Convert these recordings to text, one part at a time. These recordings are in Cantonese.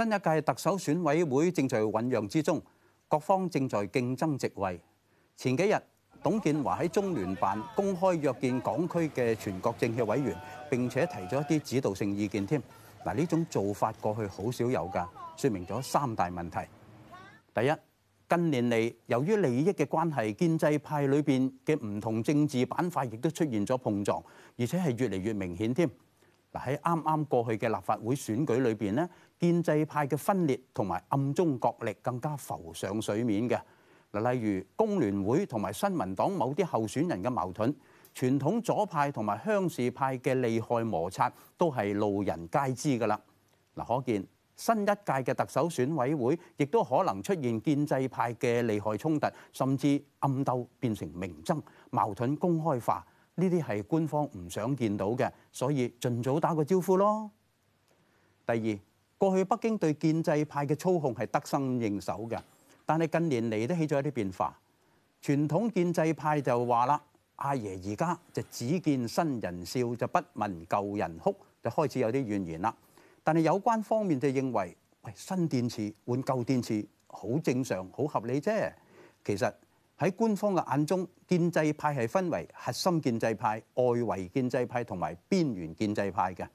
新一屆特首選委會正在醖釀之中，各方正在競爭席位。前幾日，董建華喺中聯辦公開約見港區嘅全國政協委員，並且提咗一啲指導性意見，添。嗱，呢種做法過去好少有㗎，説明咗三大問題。第一，近年嚟由於利益嘅關係，建制派裏邊嘅唔同政治板塊亦都出現咗碰撞，而且係越嚟越明顯添。嗱，喺啱啱過去嘅立法會選舉裏邊咧，建制派嘅分裂同埋暗中角力更加浮上水面嘅。嗱，例如工聯會同埋新民黨某啲候選人嘅矛盾，傳統左派同埋鄉事派嘅利害摩擦都係路人皆知㗎喇。嗱，可見新一屆嘅特首選委會亦都可能出現建制派嘅利害衝突，甚至暗鬥變成明爭，矛盾公開化。呢啲係官方唔想見到嘅，所以盡早打個招呼咯。第二，過去北京對建制派嘅操控係得心應手嘅，但係近年嚟都起咗一啲變化。傳統建制派就話啦：阿爺而家就只見新人笑，就不聞舊人哭，就開始有啲怨言啦。但係有關方面就認為：喂，新電池換舊電池好正常、好合理啫。其實喺官方嘅眼中，建制派係分為核心建制派、外圍建制派同埋邊緣建制派嘅。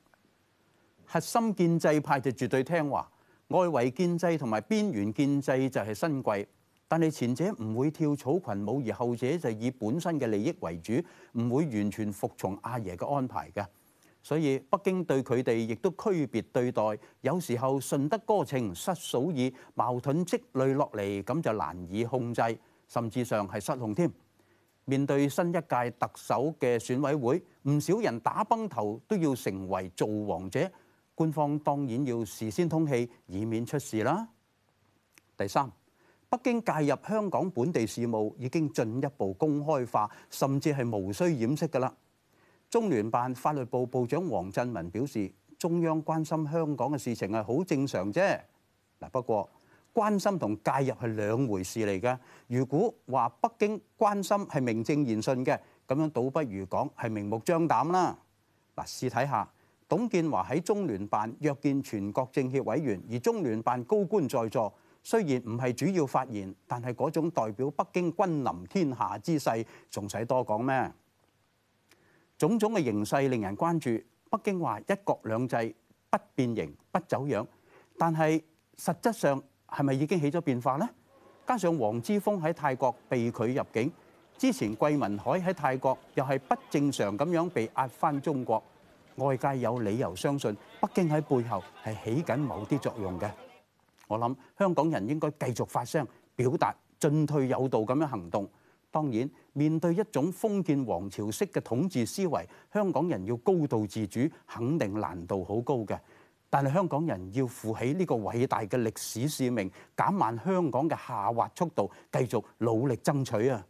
核心建制派就絕對聽話，外圍建制同埋邊緣建制就係新貴，但係前者唔會跳草裙舞，而後者就以本身嘅利益為主，唔會完全服從阿爺嘅安排嘅。所以北京對佢哋亦都區別對待。有時候順得哥情失嫂意，矛盾積累落嚟咁就難以控制。甚至上係失控添。面對新一屆特首嘅選委會，唔少人打崩頭都要成為造王者。官方當然要事先通氣，以免出事啦。第三，北京介入香港本地事務已經進一步公開化，甚至係無需掩飾㗎喇。中聯辦法律部部長王振民表示：中央關心香港嘅事情係好正常啫。嗱，不過。關心同介入係兩回事嚟嘅。如果話北京關心係名正言順嘅，咁樣倒不如講係明目張膽啦。嗱，試睇下董建華喺中聯辦約見全國政協委員，而中聯辦高官在座。雖然唔係主要發言，但係嗰種代表北京君臨天下之勢，仲使多講咩？種種嘅形勢令人關注。北京話一國兩制，不變形、不走樣，但係實質上。係咪已經起咗變化呢？加上黃之鋒喺泰國被拒入境，之前桂民海喺泰國又係不正常咁樣被押返中國，外界有理由相信北京喺背後係起緊某啲作用嘅。我諗香港人應該繼續發聲，表達進退有道咁樣行動。當然面對一種封建皇朝式嘅統治思維，香港人要高度自主，肯定難度好高嘅。但係香港人要負起呢個偉大嘅歷史使命，減慢香港嘅下滑速度，繼續努力爭取啊。